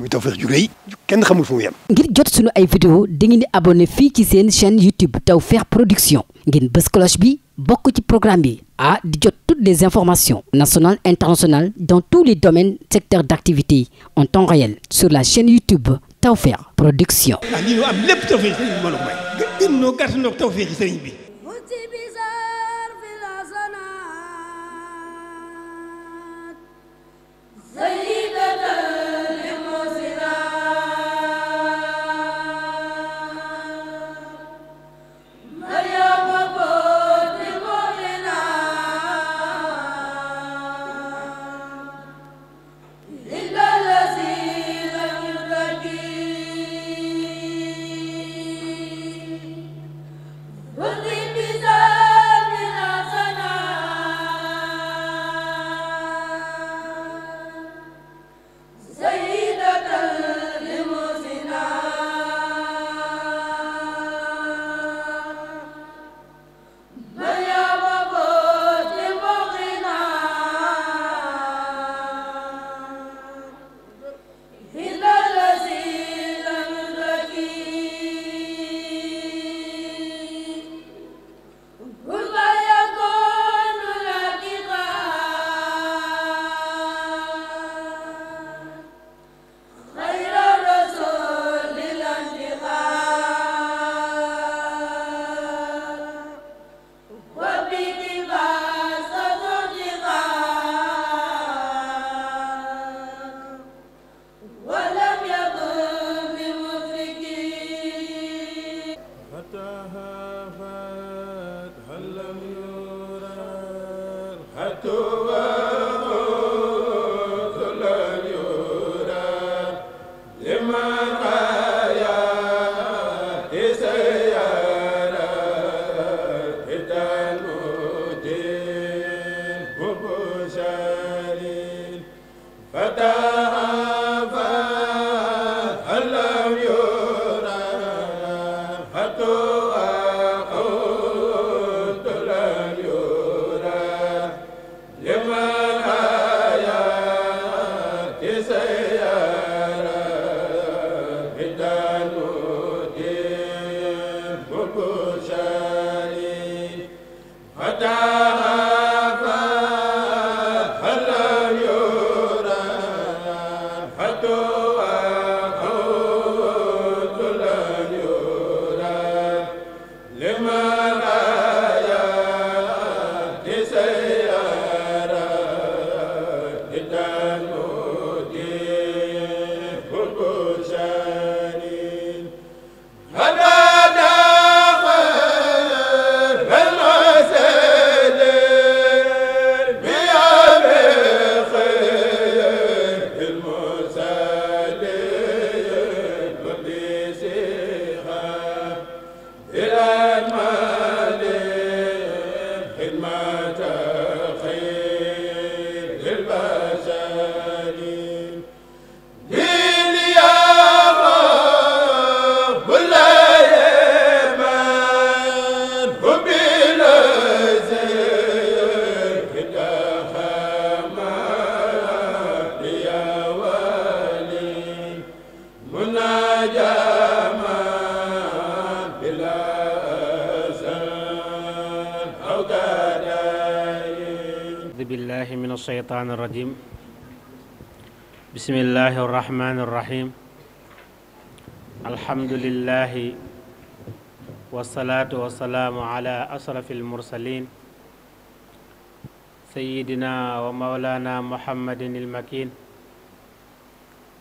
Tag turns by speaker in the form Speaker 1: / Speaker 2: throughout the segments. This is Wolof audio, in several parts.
Speaker 1: muy kenn xamul fu mu
Speaker 2: ngir jot sunu ay vidéo dangeen di abonné fii ci seen chaîne YouTube Tawfekh Production ngeen bës bi bokk ci programme bi a di jot toutes les informations nationales internationales dans tous les domaines secteurs d'activité en temps réel sur la chaîne YouTube Tawfekh Production. ah lii ñu am lépp Tawfekh الشيطان الرجيم بسم الله الرحمن الرحيم الحمد لله والصلاة والسلام على أشرف المرسلين سيدنا ومولانا محمد المكين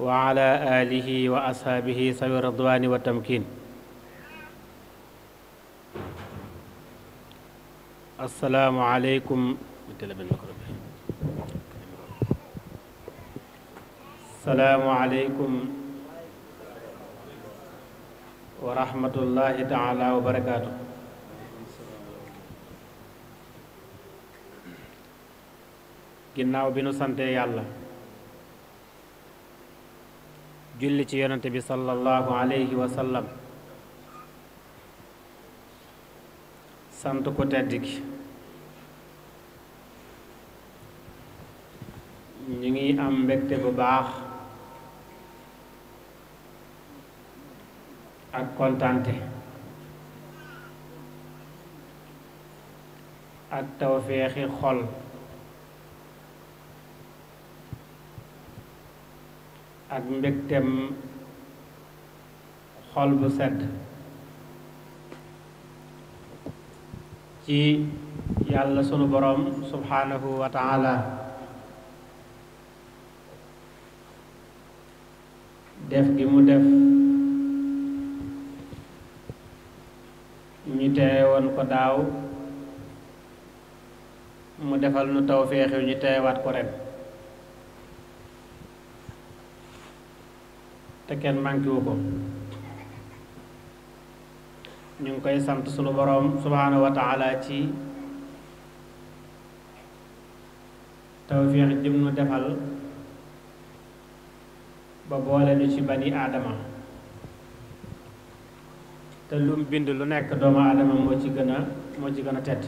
Speaker 2: وعلى آله وأصحابه سوي الرضوان والتمكين السلام عليكم asalaamualeykum wa rahmatullahi taala wa barakaatu ginnaaw bi nu santee yàlla julli ci yonante bi sallallahu alayhi wa sallam sant ko tedd gi ñu ngi am mbégte bu baax ak kontaante ak tawféexi xol ak mbégtem xol bu sedd ci yàlla sunu borom subhaanahu wa def gi mu def woon ko daaw mu defal nu tawféex yu ñu teewaat ko ren te kenn manqué ko ñu ngi koy sant sunu boroom subhaanahu wa taala ci tawféex jëm nu defal ba boole nu ci bani aadama te lu bind lu nekk doomu moo ci gën a moo ci gën a tedd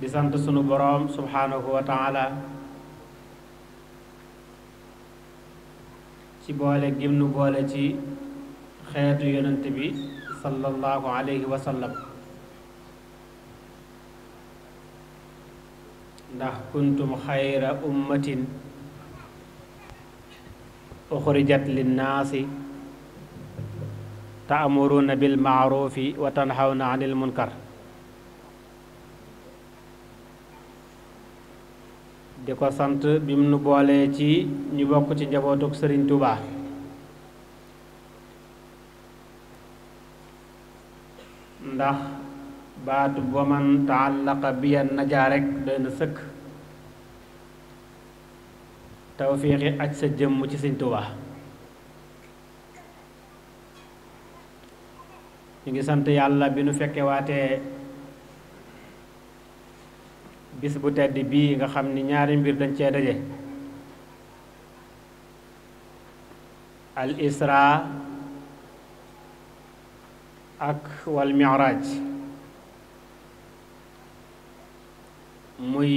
Speaker 2: di sant sunu boroom subhaanahu wa taala ci boole gim nu boole ci xeetu yonent bi sallallahu alayhi wa ndax kuntum xayra ummatin uxrijat linnaasi taamuruuna bilmaarufi wa tanhawna anil munkar di ko sant bim nu boolee ci ñu bokk ci njabootug Sëriñ Tuubaa ndax baatu ba man bi biyan najaa rekk doy na sëkk tawféexi aj sa jëmm ci sëñ Tuubaa ñu ngi sant yàlla bi nu fekkewaatee bis bu tedd bii nga xam ni ñaari mbir dañ cee daje al isra ak wal mi'raj muy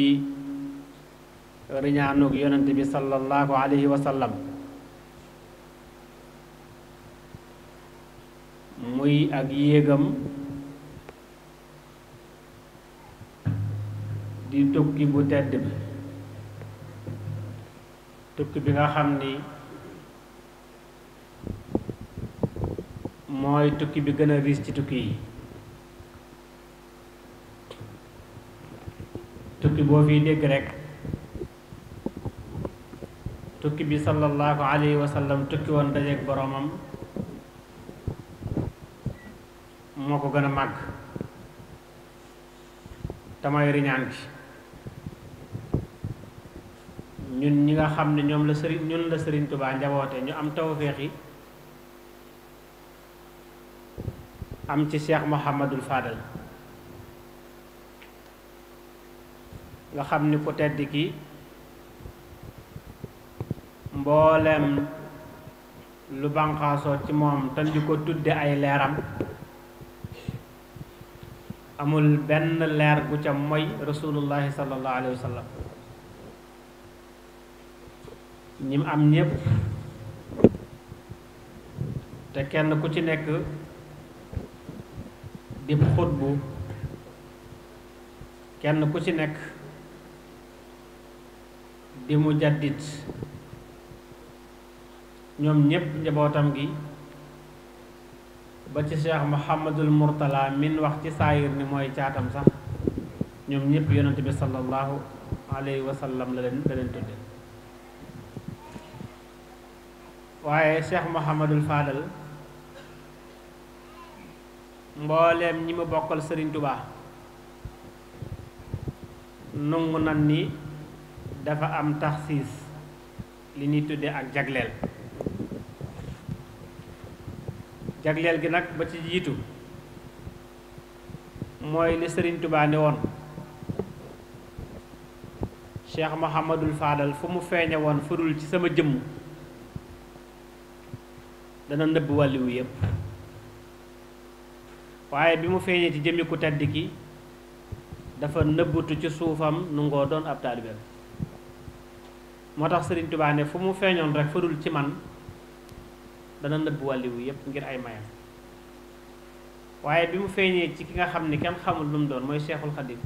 Speaker 2: riñaanug yonent bi sallallahu alayhi wa sallam muy ak yéegam di tukki bu tedd bi tukki bi nga xam ni mooy tukki bi gën a riis ci tukki yi tukki boo fiy dégg rekk tukki bi sallallahu alayhi wa sallam tukki woon dajeeg boroomam moo ko gën a màgg damay riñaan gi ñun ñi nga xam ne ñoom la sëriñ ñun la sëriñ Tuubaa njaboote ñu am tawféex yi am ci Cheikh Mouhamadul Fadal nga xam ni ku tedd ki mboolem lu banqaasoo ci moom tan di ko tudde ay leeram amul benn leer gu ca moy rasulullahi sallallahu alayhi wa sallam ñim am ñépp te kenn ku ci nekk dib xutbu kenn ku ci nekk di mu jaddit ñoom ñépp njabootam gi ba ci cheikh Mouhamadul Mourtala min wax ci saayir ni mooy caatam sax ñoom ñëpp yonent bi sallallahu alayhi wa sallam la leen la leen tudde waaye cheikh Mouhamadul Fadal mbooleem ñi mu bokkal sëriñ tubaa nungu nan ni dafa am taxsiis li ñuy tudde ak jagleel jagleel gi nag ba ci jiitu mooy li sëriñ Tuubaa woon Cheikh Mouhamadul Fadal fu mu feeñe woon furul ci sama jëmm dana nëbb wàlliwu yépp waaye bi mu feeñee ci jëmmi tedd ki dafa nëbbutu ci suufam nu ngoo doon ab taalibeem moo tax sëriñ Tuubaa fu mu feeñoon rek furul ci man dana nëbb wàlliwu yépp ngir ay mayam waaye bi mu feeñee ci ki nga xam ni kenn xamul lu mu doon mooy Seexul Xadiim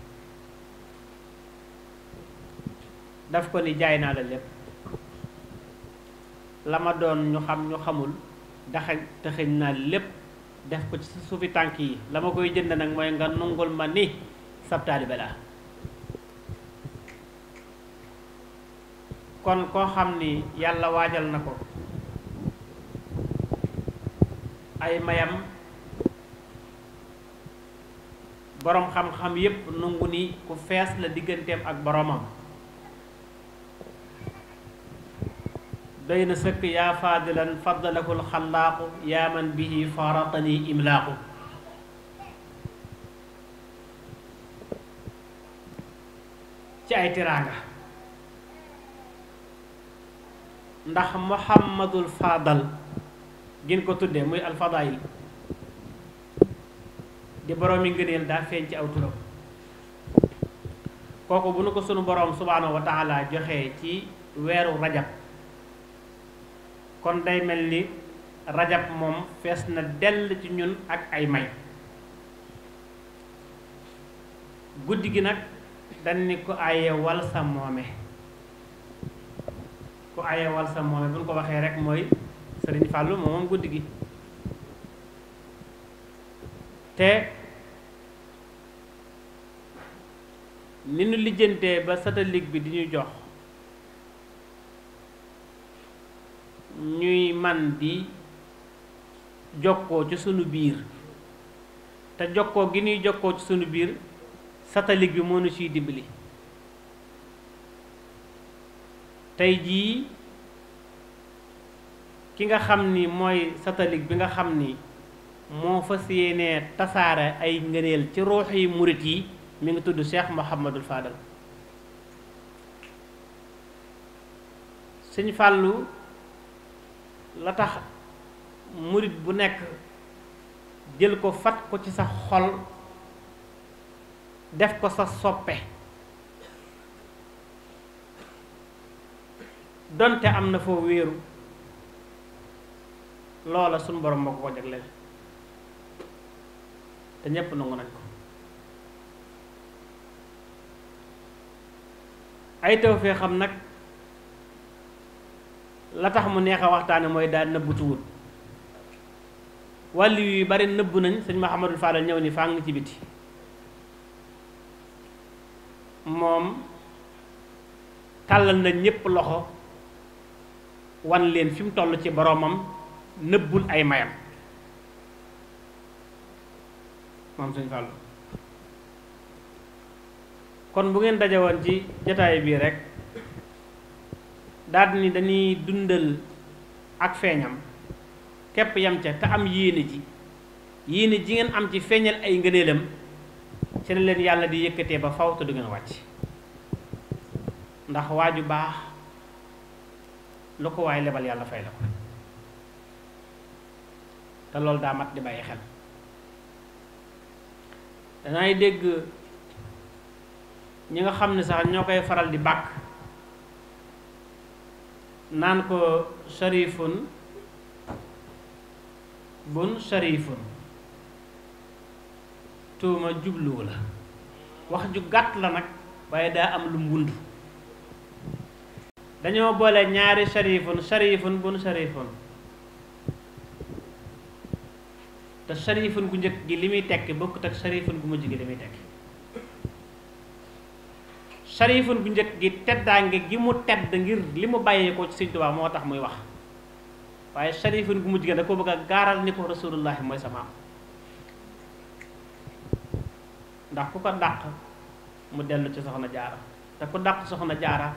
Speaker 2: daf ko ni jaay naa la lépp la ma doon ñu xam ñu xamul daxañ taxañ naa lépp def ko ci suufi tànk yi la ma koy jënd nag mooy nga nungul ma ni sab taalibe kon koo xam ni yàlla waajal na ko ay mayam boroom xam-xam yépp nangu ni ku fees la digganteem ak boroomam day na sëkk yaa faadilan faddalakul xallaaqu yaa man bihi faratani imlaaqu ci ay tiraanga ndax muhammadul faadal gin ko tuddee muy alfadaayil di boroomi ngëneel daa feeñ ci aw turam kooku bu nu ko sunu boroom subhaanahu wa taala joxee ci weeru rajab kon day mel ni rajab moom fees na dell ci ñun ak ay may guddi gi nag dañ ni ko aye wal sa moome ku aye wal moome bu nu ko waxee rek mooy sëriñ Fàllu moom moom guddi gi te ni nu lijjantee ba satellite bi di ñu jox ñuy man di jokkoo ci sunu biir te jokkoo gi ñuy jokkoo ci sunu biir satellite bi moo nu ciy dimbali tey jii ki nga xam ni mooy satalik bi nga xam ni moo fa yéene tasaare ay ngëneel ci ruux yi murit yi mi ngi tudd Cheikh Mouhamadul Fadal sëñ Fàllu la tax murit bu nekk jël ko fat ko ci sa xol def ko sa soppe donte am na foo wéeru loola suñ boroom moo ko ko jagleel te ñépp nangu nañ ko ay tawfee xam nag la tax mu neex a waxtaane mooy daal nëbbutuwut wàllu yu bari nëbbu nañ sëñ Mahamadul Fadal ñëw ni fàng ci biti moom tàllal nañ ñépp loxo wan leen fi mu toll ci boromam nëbbul ay mayam moom sëñ Fallou kon bu ngeen dajewoon ci jataay bii rekk daldi ni dañuy dundal ak feeñam képp yam ca te am yéene ji yéene ji ngeen am ci feeñal ay ngëneelam ci la leen yàlla di yëkkatee ba faw te du ngeen wàcc ndax waa ju baax lu ko waay lebal yàlla fay la ko te loolu daa mat di bàyyi xel danaay dégg ñi nga xam ne sax ñoo koy faral di bàkk naan ko sharifun bun sharifun tuuma jubluwu la wax ju gàtt la nag waaye daa am lu mu dañoo boole ñaari sharifun sharifun bun sharifun te sarifun gu njëkk gi li muy tekki bokkut ak sarifun bu mujj jigee li muy tekki sarifun gu njëkk gi teddaange gi mu tedd ngir li mu bàyyee ko ci Sëñ Tuubaa moo tax muy wax waaye sarifun gu mujj jigee da ko bëgg a gaaral ni ko rasulullahi mooy sa ndax ku ko dàq mu dellu ci soxna jaara te ku dàq soxna jaara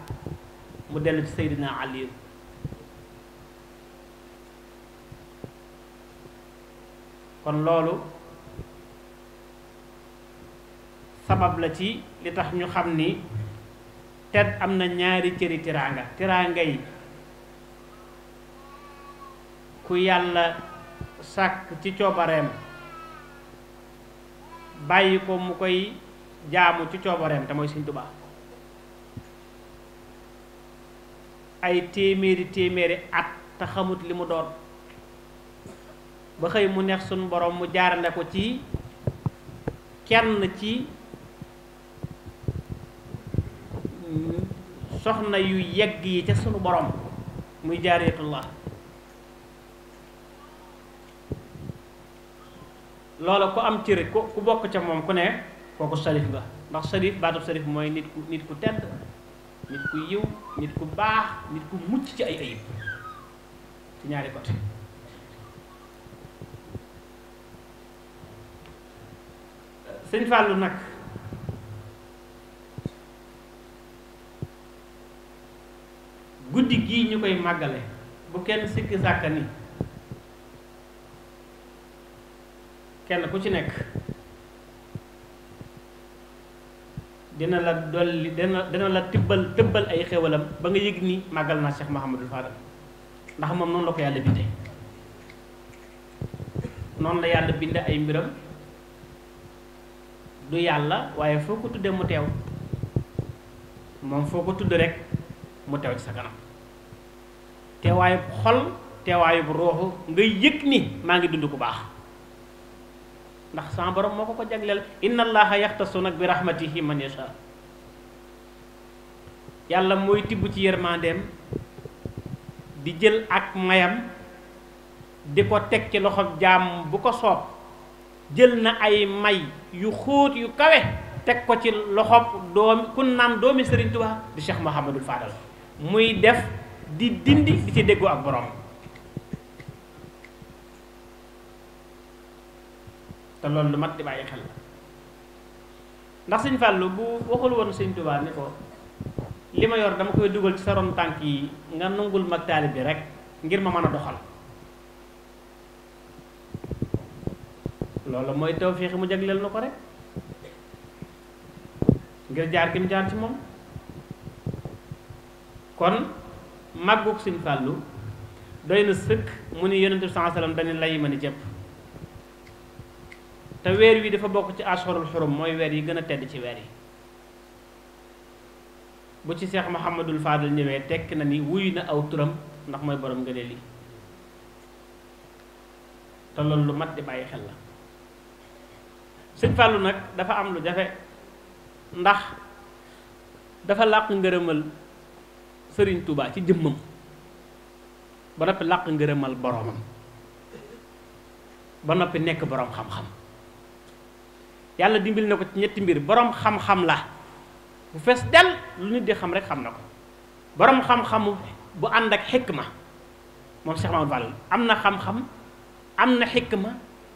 Speaker 2: mu dellu ci Seydina Aliyu kon loolu sabab la ci li tax ñu xam ni tedd am na ñaari cëri tiraanga tiraanga yi ku yàlla sàkk ci coobareem bàyyi ko mu koy jaamu ci coobareem te mooy Sëñ Tuubaa ay téeméeri téeméeri at te xamut li mu doon ba xëy mu neex sunu borom mu jaarale ko ci kenn ci soxna yu yegg yi ca sunu borom muy jaariyatullah loola ku am cër ku ku bokk ca moom ku ne kooku sarif nga ndax sarif baatub sarif mooy nit ku nit ku tedd nit ku yiw nit ku baax nit ku mucc ci ay ayib ci ñaari côté sëñ Fàllu nag guddi kii ñu koy màggale bu kenn sikki sàkka ni kenn ku ci nekk dina la dolli dina dina la tibbal tëbbal ay xewalam ba nga yëg ni màggal naa Cheikh Mouhamadul Fadal ndax moom noonu la ko yàlla bindee noonu la yàlla binde ay mbiram du yàlla waaye foo ko tuddee mu teew moom foo ko tudd rekk mu teew ci sa kanam teewaayub xol teewaayub ruuxu nga yëg ni maa ngi dund ku baax ndax sama borom moo ko ko jagleel inna allaha yaxtasu nag bi rahmatihi man sa yàlla mooy tibb ci yërmandeem di jël ak mayam di ko teg ci loxob jaam bu ko soob jël na ay may yu xóot yu kawe teg ko ci loxoom doomi ku naan doomi Serigne Touba di Cheikh Mouhamadul Fadal muy def di dindi di ci déggoo ak borom te loolu lu mat di bàyyi xel ndax Sëñ Fallou bu waxul woon Sëñ Touba ni ko li ma yor dama koy dugal ci sa ron tànk yi nga nungul mag taali bi rek ngir ma mën a doxal loolu mooy tawféex mu leen na ko rek ngir jaar kim jaar ci moom kon màggug Sëñ Fàllu doy na sëkk mu ni yonent bi saa sallam dañu lay ma ni jëpp te weer wi dafa bokk ci ashurul xurum mooy weer yi gën a tedd ci weer yi bu ci Seex Muhammadul Faadal ñëwee tekki na ni wuyu na aw turam ndax mooy boroom gënee lii te loolu lu mat di bàyyi xel la sëñ Fallou nag dafa am lu jafe ndax dafa làq ngërëmal sëriñ tubaa ci jëmmam ba noppi làq ngërëmal boromam ba noppi nekk borom xam-xam yàlla dimbil na ko ci ñetti mbir borom xam-xam la bu fees del lu nit di xam rek xam na ko borom xam-xamu bu ànd ak xikma moom Cheikh Mamadou Fall am na xam-xam am na xikma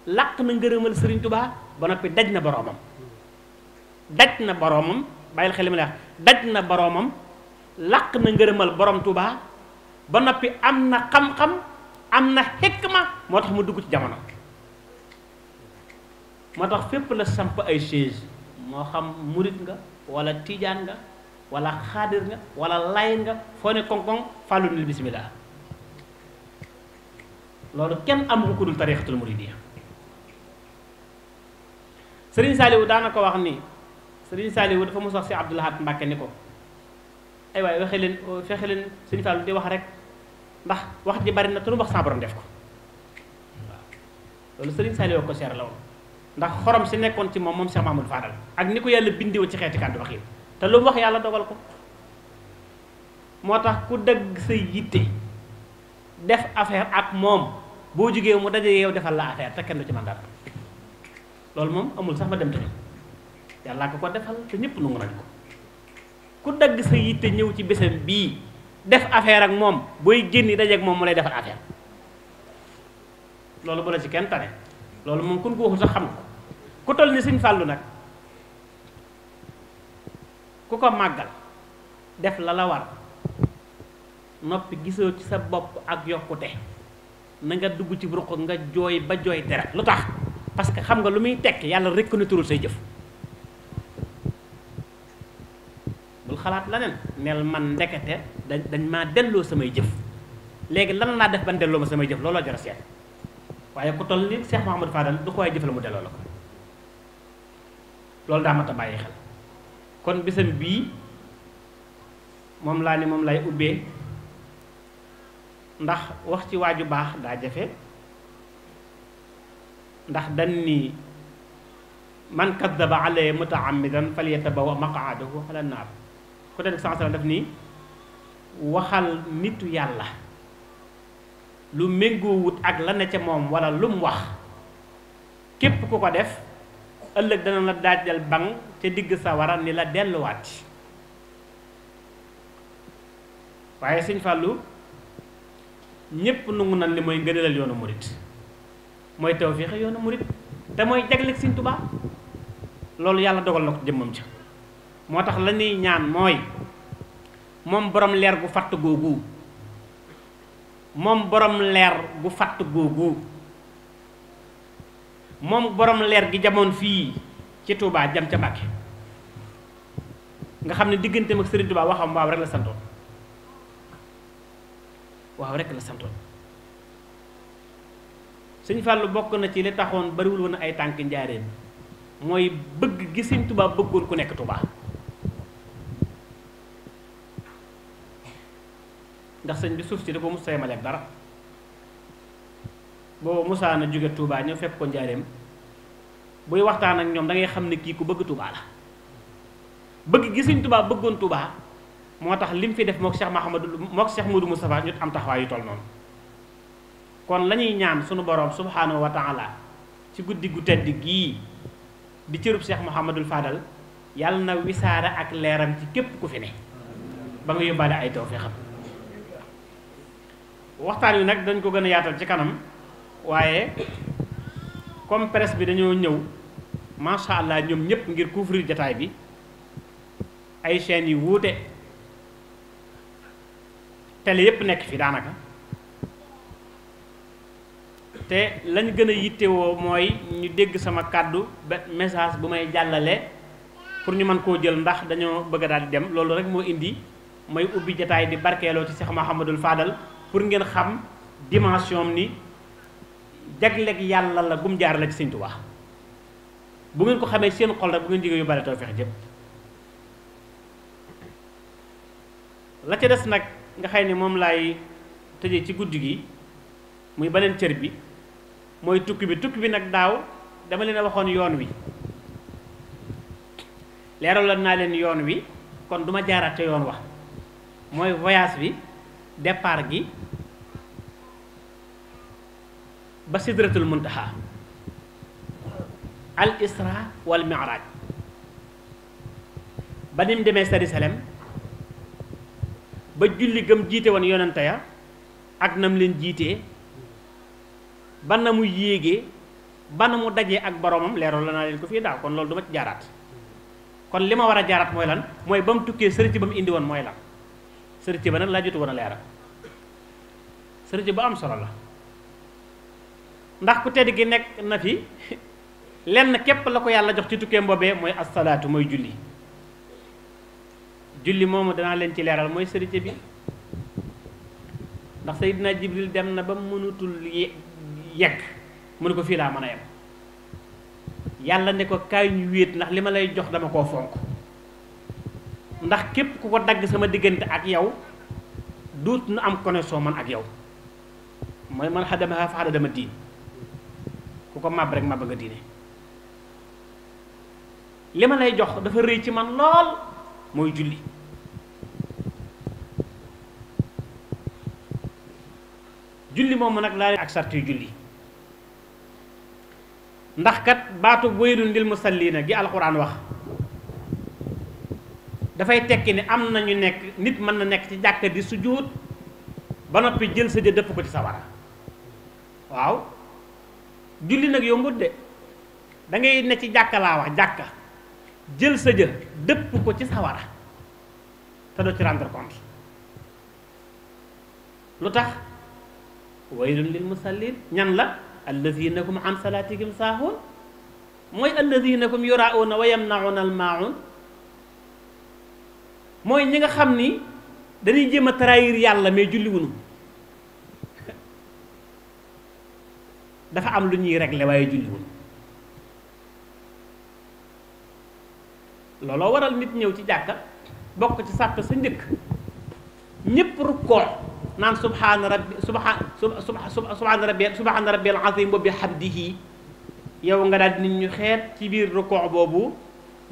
Speaker 2: làq na ngërëmal sëriñ Touba. ba noppi daj na boroomam daj na boroomam bàyyil xel ma la daj na boroomam làq na ngërëmal boroom Tuubaa ba noppi am na xam-xam am na xikma moo tax mu dugg ci jamono moo tax fépp la samp ay chaise moo xam murit nga wala tiijaan nga wala xaadir nga wala lay nga foo ne koŋ-koŋ fàllu nil bismillah loolu kenn amul ko dul tariqatul muridiyya sëriñ saaliwu daana ko wax ni sëriñ saaliwu dafa mos wax si Abdou Lahad Mbàkke ni ko ay waaye waxe leen fexe leen sëriñ Fallu di wax rek ndax wax ji bari na te lu wax sa def ko waaw loolu sëriñ saaliwu ko seer la woon ndax xorom si nekkoon ci moom moom Cheikh Mamadou Fadal ak ni ko yàlla bindiwa ci xeeti kàddu wax yi te lu mu wax yàlla dogal ko moo tax ku dëgg sa yitte def affaire ak moom boo jógee mu dajee yow defal la affaire te kenn du ci man loolu moom amul sax ma dem tey yàllaa ko ko defal te ñëpp nangu nañ ko ku dagg sa yitte ñëw ci bésam bii def affaire ak moom booy génni dajeeg moom mu lay defal affaire loolu bu la kenn tane loolu moom kun ko sax xam ko ku toll ni Sëñ Fàllu nag ku ko màggal def la la war noppi gisoo ci sa bopp ak yokkute nanga dugg ci ruq nga jooy ba jooy deret lu tax parce que xam nga lu muy tekk yàlla reconnaître say jëf bul xalaat leneen neel man ndekete dañ dañ maa delloo samay jëf léegi lan laa def ban delloo ma samay jëf looloo jar a seet waaye ku toll ni Cheikh Mouhamadou Fadal du ko waay jëf la mu delloo la ko loolu daa mat a bàyyi xel kon bisam bii moom laa ne moom lay ubbee ndax wax ci waaju baax daa jafe ndax dan ni man kaddaba alayya mutaammidan falyatabawa maqaadahu ala naar ku te saa daf ni waxal nitu yàlla lu méngoowut ak la ca moom walla lum wax képp ku ko def ëllëg dana la daajal bang ca digg sawara ni la delluwaat waaye sëñ Fallou ñépp nangu nan li mooy ngëneelal yoonu murit mooy tawféex yoonu murit te mooy jagleeg Sëñ Tuubaa loolu yàlla dogal na ko jëmmam ca moo tax la ñuy ñaan mooy moom borom leer gu fatt googu moom borom leer gu fatt googu moom borom leer gi jamoon fii ci tubaa jam ca Mbàkke nga xam ne diggante ak Sëriñ Touba waxam waaw rek la santoon waaw rek la santoon sëñ Fallou bokk na ci li taxoon bariwul woon ay tànk njaareem mooy bëgg gi tubaab Tuubaa bëggoon ku nekk tubaa ndax sëñ bi suuf si da ko mos sayemaleeg dara boobu musaana jóge tubaa ñëw fekk ko njaareem buy waxtaan ak ñoom dangay xam ne kii ku bëgg Touba la bëgg gi sëñ Touba bëggoon Touba moo tax lim fi def mook Cheikh Mahamadou mook Cheikh Modou Moustapha ñu am taxawaay yu toll noonu kon lañuy ñaan sunu borom subhanahu wa taala ci guddi gu tedd gii di cërub Cheikh Mouhamadul Fadal yàlla na wisaara ak leeram ci képp ku fi ne ba nga yóbbaale ay tawfeexam waxtaan wi nag dañ ko gën a yaatal ci kanam waaye comme presse bi dañoo ñëw macha allah ñoom ñëpp ngir couvrir jataay bi ay chaînes yu wuute télé yépp nekk fi daanaka te lañ gën a yittewoo mooy ñu dégg sama kàddu ba message bu may jàllale pour ñu mën koo jël ndax dañoo bëgg daal di dem loolu rek moo indi mooy ubbi jataay di barkeeloo ci Cheikh Mouhamadul faadal pour ngeen xam dimension ni jagleeg yàlla la gum jaar la ci Sëñ Tuubaa bu ngeen ko xamee seen xol rek bu ngeen jigéen yu bare tawfeex jëpp la ca des nag nga xëy ni moom laay tëje ci guddi gi muy beneen cër bi mooy tukki bi tukki bi nag daaw dama leen a waxoon yoon wi leeraloon naa leen yoon wi kon duma ma jaaraat ca yoon wax mooy voyage bi départ gi ba sidratul muntaha al isra wal miraaj ba nim demee Jérusalem ba julli gëm jiite woon yonante ya ak nam leen jiitee ba na mu yéegee ba na mu dajee ak boromam leeroon la naa leen ko fii daaw kon loolu du ma ci jaaraat kon li ma war a jaaraat mooy lan mooy ba mu tukkee sërëcc ba mu indi woon mooy lan sërëcc ba nag laa jotu woon a leeral sërëcc ba am solo la ndax ku tedd gi nekk na fi lenn képp la ko yàlla jox ci tukkeem boobee mooy asalaatu mooy julli julli moomu danaa leen ci leeral mooy sërëcc bi ndax Seydina Jibril dem na ba mënutul yegg mu ne ko fii laa mën a yem yàlla ne ko kaay ñu wéet ndax li ma lay jox dama koo fonk ndax képp ku ko dagg sama diggante ak yow duut nu am connexion man ak yow mooy man xadamaha fa xada dama diin ku ko màbb rek màbb nga diine li ma lay jox dafa rëy ci man lool mooy julli julli moomu nag laa ak sarti julli ndax kat baatu waylun lil musallina gi alxuraan wax dafay tekki ni am na ñu nekk nit mën na nekk ci jàkka di sujjóot ba noppi jël sa jë dëpp ko ci waaw julli nag yombut de ne ci jàkka laa jël sa jë dëpp ko ci sawara te doo ci rendre compte lu tax waylun lil musallin ñan la alladina hum an salatihim saahuun mooy alladina hum yuraauuna wa yamnaauuna mooy ñi nga xam ni dañuy jéem a trahir yàlla mais julliwunu dafa am lu ñuy régler waaye julliwunu looloo waral nit ñëw ci jàkka bokk ci sàpp sa njëkk ñépp rukkoo naan subhaana rabbi subhaana rabbi subhaana rabbi al-azim di bihamdihi yow nga daal nit ñu xeet ci biir rukkoo boobu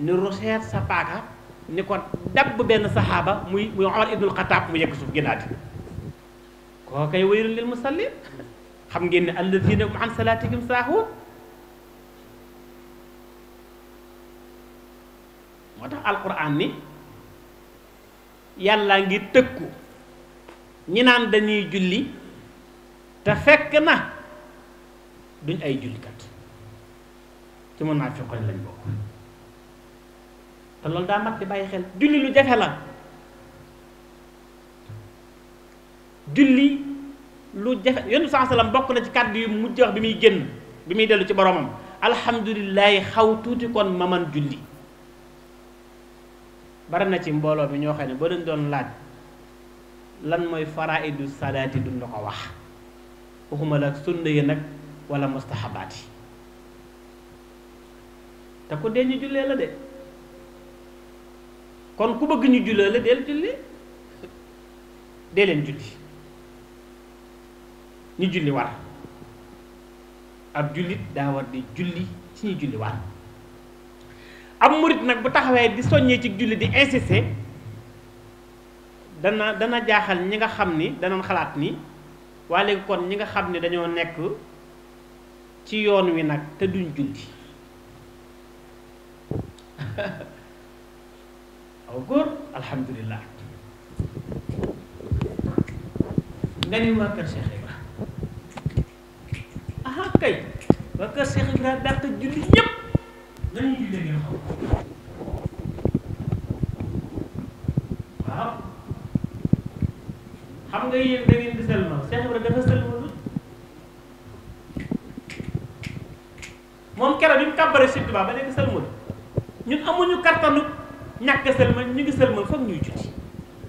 Speaker 2: ni ruseet sa paaka ni ko dabb benn saxaaba muy muy Omar ibnul Xataab mu yegg suuf génnaati koo koy waylun lil musallin xam ngeen ne alladina hum moo tax alquran ni yàlla ngi tëkku ñi naan dañuy julli te fekk na duñ ay jullikat ci mën naa fekkoon lañ bokk te loolu daa mat di bàyyi xel julli lu jafe la julli lu jafe yonent saa bokk na ci kàddu yu mu jox bi muy génn bi muy dellu ci boromam alhamdulilahi xaw tuuti kon ma man julli bari na ci mbooloo bi ñoo xam ne boo leen doon laaj lan mooy faraidu salaati du la ko wax waxuma la sunna yi nag wala mustahabaat yi te ku dee ñu jullee la de kon ku bëgg ñu jullee la de julli dee leen julli ñu julli war ab jullit daa war di julli ci ñu julli war ab murit nag bu taxawee di soññee ci julli di insisté dana dana jaaxal ñi nga xam ni danañ xalaat ni waa kon ñi nga xam ni dañoo nekk ci yoon wi nag te duñ julli aw góor alhamdulilah nga ni waa kër Cheikh Ibra aha kay waa kër Cheikh Ibra dàq julli ñépp nañu jullee ngeen xam waaw xam nga yéen da ngeen di sëlmal Cheikh moom keroog bi mu kàbbare Sëñ ba léegi sëlmal ñun amuñu kattanu ñàkk sëlmal ñu ngi sëlmal foog ñuy juti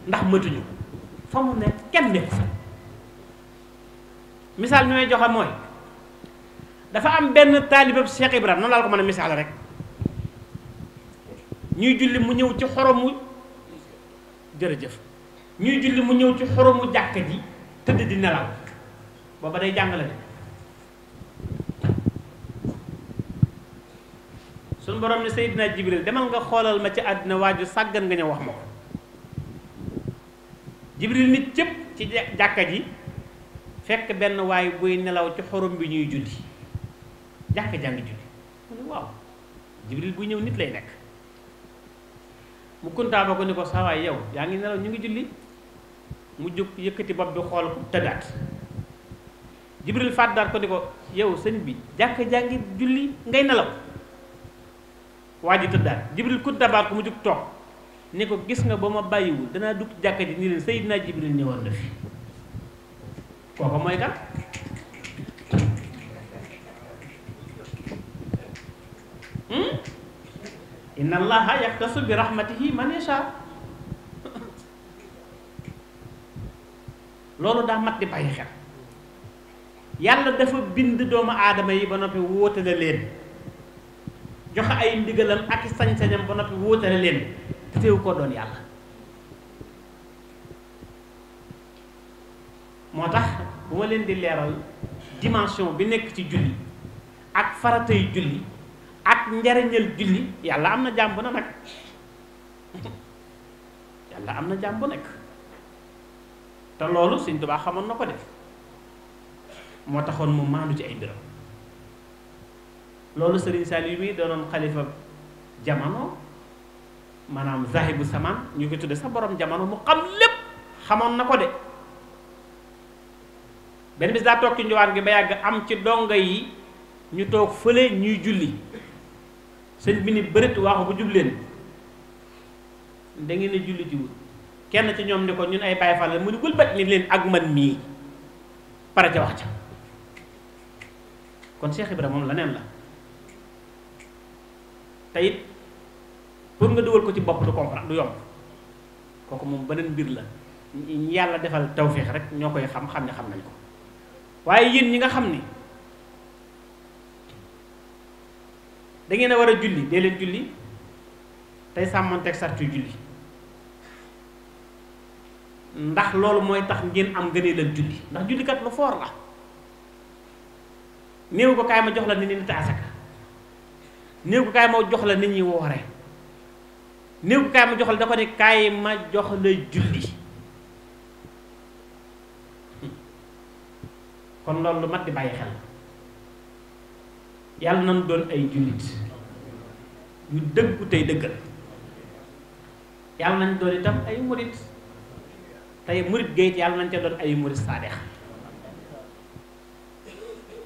Speaker 2: ndax mëtuñu fa mu nekk kenn nekku fa misaal mi joxe mooy dafa am benn taalibab Cheikh Ibra noonu laa ko mën a misaal rek ñuy julli mu ñëw ci xoromu jërëjëf ñuy julli mu ñëw ci xoromu jàkk ji tëdd di nelaw booba day jàngale ne suñ borom ne Seydina Jibril demal nga xoolal ma ci àddina waaju sàggan nga ñëw wax ma ko Jibril nit cëpp ci jàkka ji fekk benn waay buy nelaw ci xorom bi ñuy julli jàkka ne waaw Jibril buy ñëw nit lay nekk mu kuntaaba ko ni ko saa yow yaa ngi nelaw ñu ngi julli mu jóg yëkkati bopp bi xool ko tëddaat jibril fàddaat ko ni ko yow sëñ bi jàkk-jàngi julli ngay nelaw waa ji tëddaat jibril ku dabaat ko mu jóg toog ni ko gis nga ba ma bàyyiwul danaa dugg jàkka ji ni leen Seydina Jibril ñëwoon na fi kooku mooy kan hmm? loolu daa mat di bàyyi xel yàlla dafa bind doomu aadama yi ba noppi wóotale leen joxe ay ndigalam ak sañ-sañam ba noppi wóotale leen teew ko doon yàlla moo tax bu ma leen di leeral dimension bi nekk ci julli ak faratay julli ak njariñal julli yàlla am na jàmm bu ne nag yàlla am na jàmm bu nekk te loolu Sëñ Tuubaa xamoon na ko def moo taxoon mu maandu ci ay mbiram loolu Serigne Saliou mi doonoon xalifa jamono maanaam zahibu samaan ñu ko tudde sa borom jamono mu xam lépp xamoon na ko de benn bis daa toog ci njuwaan gi ba yàgg am ci donga yi ñu toog fële ñuy julli sëñ bi ni bërit waaxu bu jub leen da ne julli jiwul kenn ci ñoom ni ko ñun ay Baay Faal la mu ni gulbat ni leen ak man mii pare ca wax ca kon Cheikh Ibra moom la neen la te pour nga dugal ko ci bopp du comprendre du yomb kooku moom beneen mbir la yàlla defal tawféex rek ñoo koy xam xam ne xam nañ ko waaye yéen ñi nga xam ni dangeen ngeen a war a julli dee leen julli tey sàmmanteeg sartu julli ndax loolu mooy tax ngeen am ngëneelal julli ndax jullikat lu foor la néew ko kaay ma jox la nit ñi néew ko kaay jox la nit ñi woore néew ko ma jox la da ko ne kaay ma jox la julli kon loolu lu mat di bàyyi xel yàlla nañu doon ay jullit yu dëggu tey dëggal yàlla nañ doon itam ay murit tey murit géyit yàlla nañ ca doon ay murit saadex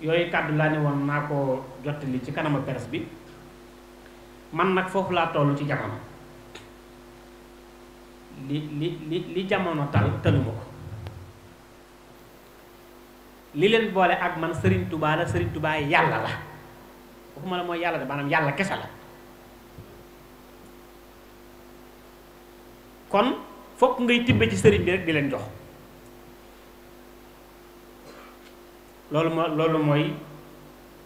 Speaker 2: yooyu kàddu laa ne woon naa ko jottali ci kanama presse bi man nag foofu laa toll ci jamono li li li li jamono tal taluma ko li leen boole ak man sëriñ Touba la Serigne Touba yàlla la ma la mooy yàlla de maanaam yàlla kese la kon fokk ngay tibbe ci sëriñ bi rek di leen jox loolu moo loolu mooy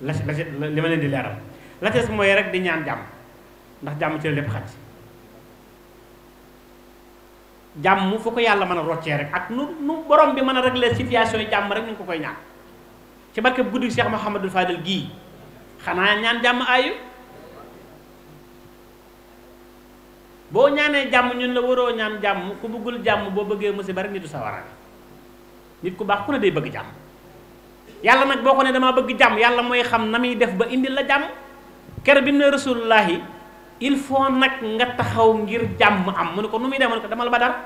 Speaker 2: la la li ma leen di leeral la des mooy rek di ñaan jàmm ndax jàmm ci la lépp xaj jàmm fu ko yàlla mën a roccee rek ak nu nu borom bi mën a régler situation yi jàmm rek ñu ngi ko koy ñaan ci barke guddi mu Mouhamadul Fadel gii xanaa ñaan jàmm ayu boo ñaanee jàmm ñun la waroo ñaan jàmm ku bëggul jàmm boo bëggee musiba rek nitu sawara nit ku baax ku ne day bëgg jàmm yàlla nag boo ko ne damaa bëgg jàmm yàlla mooy xam na muy def ba indil la jàmm kere bi mu il faut nag nga taxaw ngir jàmm am mu ne ko nu muy dem mu ne ko demal Badar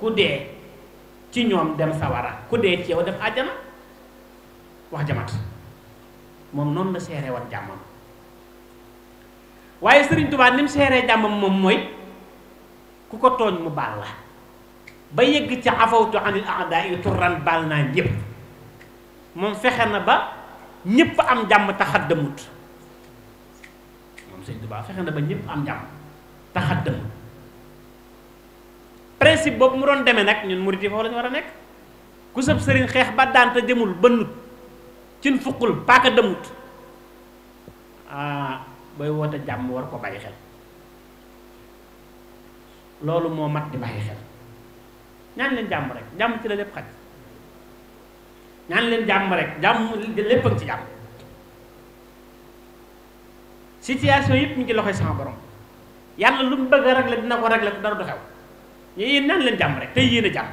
Speaker 2: ku dee ci ñoom dem sawara ku dee ci yow def àjjana wax jamaat moom noonu la seere wat jàmmam waaye sëriñ tubaa ni mu seeree jàmbam moom mooy ku ko tooñ mu baal la ba yëgg ci afawtu anil aada yi turran baal naa ñëpp moom fexe na ba ñépp am jàmm taxaddamut moom na ba ñëpp am jàmm taxaddamut principe boobu mu doon demee nag ñun murit yi foofu ñu war a nekk ku sëb sëriñ xeex ba daanta demul bënnut cin fuqul paaka dëmut ah, booy woote jàmm war ko bàyyi xel loolu moo mat di bàyyi xel ñaan leen jàmm rek jàmm ci la lépp xaj ñaan leen jàmm rek jàmm lépp a ci jàmm situation yëpp ñu ngi loxoy sama borom yàlla lu mu bëgg a régler dina ko régler te dara du xew ñu yéen ñaan leen jàmm rek tey yéen a jàmm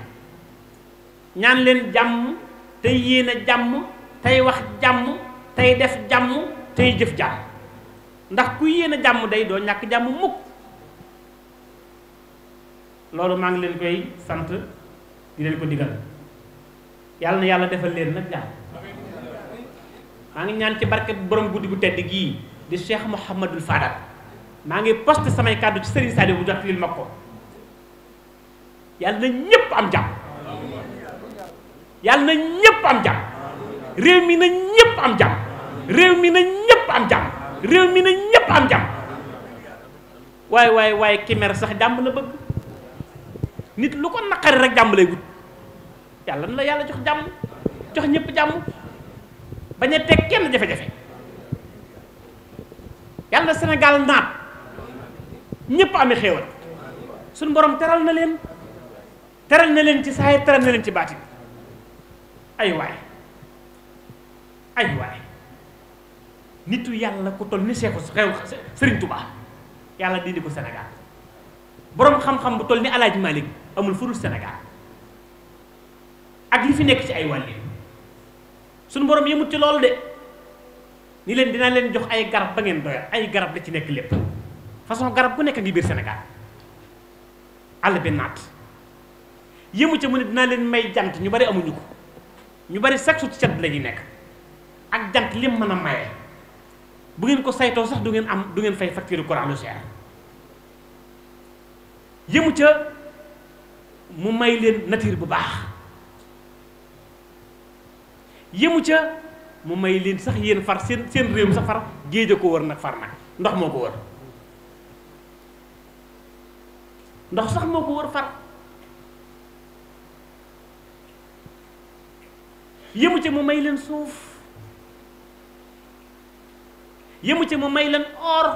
Speaker 2: ñaan leen jàmm tey yéen a jàmm tey wax jàmm tey def jàmm tey jëf jàmm ndax ku yéene jàmm day doo ñàkk jàmm mukk loolu maa ngi leen koy sant di leen ko digal yàlla na yàlla defal leen nag jàmm maa ngi ñaan ci barke borom guddi gu tedd gii di Cheikh Mouhamadul Fadal maa ngi posté samay kàddu ci Serigne Sadio bu jot lil ma ko yàlla na ñépp am jàmm yàlla na ñépp am jàmm réew mi na ñépp am jàmm réew mi na ñépp am jàmm réew mi na ñépp am jàmm waaye waaye waaye ki sax jàmm la bëgg nit lu ko naqari rek jàmm lay wut yàlla na la yàlla jox jàmm jox ñëpp jàmm bañ a teg kenn jafe-jafe yàlla Sénégal naat ñëpp amee xéewal suñu borom teral na leen teral na leen ci saay teral na leen ci baati ay waay ay waay nitu yàlla ku toll ni Cheikh xew Serigne Touba yàlla dindi ko Sénégal boroom xam-xam bu toll ni Alaaji Malick amul furul Sénégal ak li fi nekk ci ay wàlli suñu boroom yemut ci loolu de ni leen dinaa leen jox ay garab ba ngeen doyal ay garab la ci nekk lépp façon garab bu nekk ngi biir Sénégal àll bi naat yëmu ca mu ne dinaa leen may jant ñu bari amuñu ko ñu bari saksu ci cat la ñuy nekk ak jant lim mën a maye bu ngeen ko saytoo sax du ngeen am du ngeen fay facture courant lu cher yëmu ca mu may leen nature bu baax yëmu ca mu may leen sax yéen far seen seen réew sax far géej a ko wër nag far nag ndox moo ko wër ndox sax moo ko wër far yëmu ca mu may leen suuf yëmu ci mu may leen or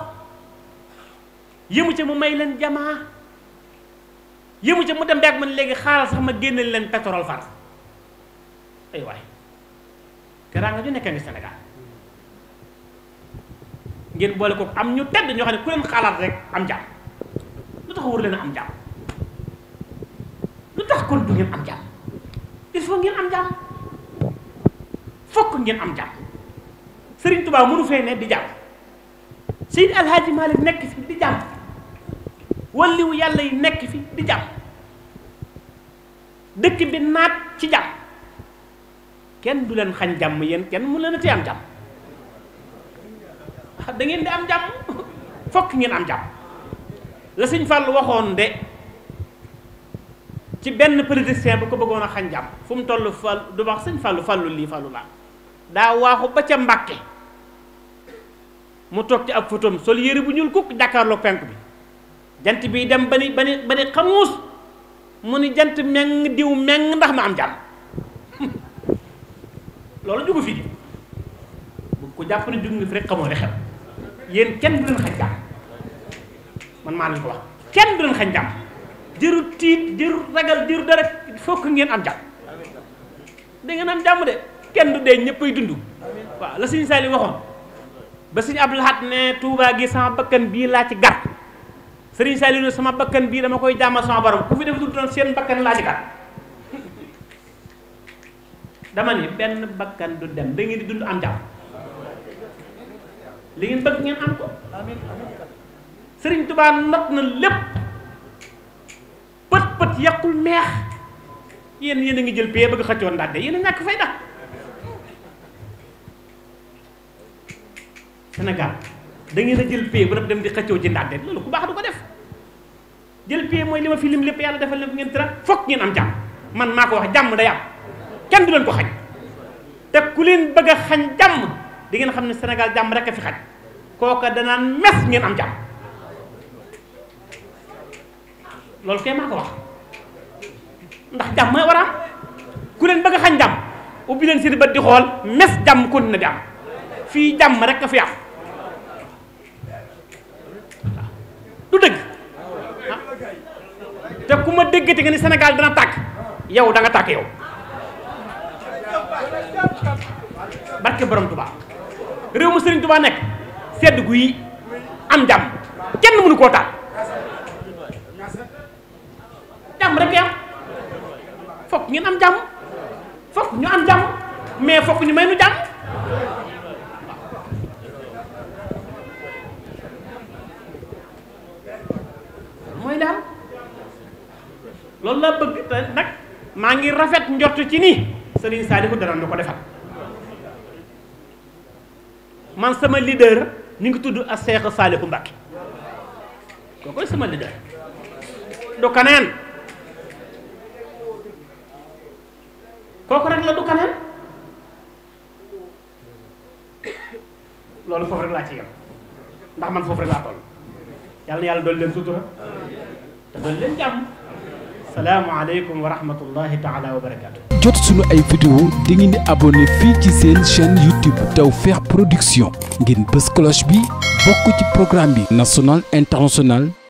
Speaker 2: yëmu ci mu may leen jamaa yëmu ca mu dem beeg léegi xaaral sax ma génneel leen pétrole far ay waay teraanga ju nekk ngi Sénégal ngeen boole ko am ñu tedd ñoo xam ne ku leen xalaat rek am jàmm lu tax wër am jàmm lu tax kon du ngeen am jàmm il faut ngeen am jàmm fokk ngeen am jàmm Serigne Touba mënu fee ne di jàmm Seydi El nekk fi di jàmm walliwu yàlla yi nekk fi di jàmm dëkk bi naat ci jàmm kenn du leen xañ jàmm yéen kenn mu leen a tee am jàmm ah, da di am jàmm fokk ngeen am jàmm la sëñ Fall waxoon de ci benn politicien bu ko bëggoon a xañ jàmm fu mu toll du wax sëñ Fallu Fallu lii Fallu laa daa waaxu ba ca Mbàkke mu toog ci ab fotom sol yére bu ñuul kukk jàkkaarloog penk bi jant bi dem ba ni ba ni xamuus mu ni jant meng diw meng ndax ma am jàmm loolu jugu fi di bu ko jàpp ne jug nga fi rek xamoo li xew yéen kenn du leen xañ jàmm man maa ni ko wax kenn du leen xañ jàmm jërul tiit jërul ragal jërul dara fokk ngeen am jàmm da am jàmm de kenn du dee ñëppay dund waaw la Sëñ Saali waxoon ba sëñ Abdul Ahad ne Touba gi sama bakkan bii laa ci gar sëriñ Saliou ne sama bakkan bii dama koy jàmmal sama borom ku fi def lu doon seen bakkan laa ci gar dama ne benn bakkan du dem da ngeen di dund am jàmm li ngeen bëgg ngeen am ko sëriñ Touba not na lépp pët pët yàqul neex yéen yéen ngi jël pee bëgg xëccoon ndaat de yéen a ñàkk fay ndax senegal da ngeen a jël paie ba dem di xëccoo ci ndànk loolu ku baax du ko def jël paie mooy li ma fi lépp yàlla defal leen ngeen dara fook ngeen am jàmm man maa ko wax jàmm day am kenn du leen ko xañ te ku leen bëgg a jàmm di ngeen xam ne Sénégal jàmm rek a fi xaj kooka danaan ngeen am jàmm loolu kay maa ko wax ndax jàmm mooy war a am ku leen bëgg a xañ jàmm ubbi leen seen bët di xool mes jàmm kon na di am fii jàmm rek a fi am du dëgg te ku ma déggati nga ni Sénégal dana tàkk yow da nga tàkk yow barke borom Touba réew mu Serigne Touba nekk sedd gu am jàmm kenn mënu koo taal jàmm rek am fokk ngeen am jàmm fokk ñu am jàmm mais fokk ñu may nu jàmm loolu laa bëgg nag maa ngi rafet njort ci ni Serigne Saliou dana nu ko defal man sama leader ñu ngi tudd ak Cheikh Saliou Mbacké kookoy sama leader du kaneen kooku rek la du kaneen loolu foofu rek laa ci yem ndax man foofu rek laa toll yàlla na yàlla doon leen sutura te doon leen jàmm salaamaaleykum wa rahmatullahi taala wa barakaatu. jot suñu ay vidéo di ngeen di abonné fii ci seen chaîne YouTube Tawfekh Production ngeen bës cloche bi bokk ci programme bi national
Speaker 1: international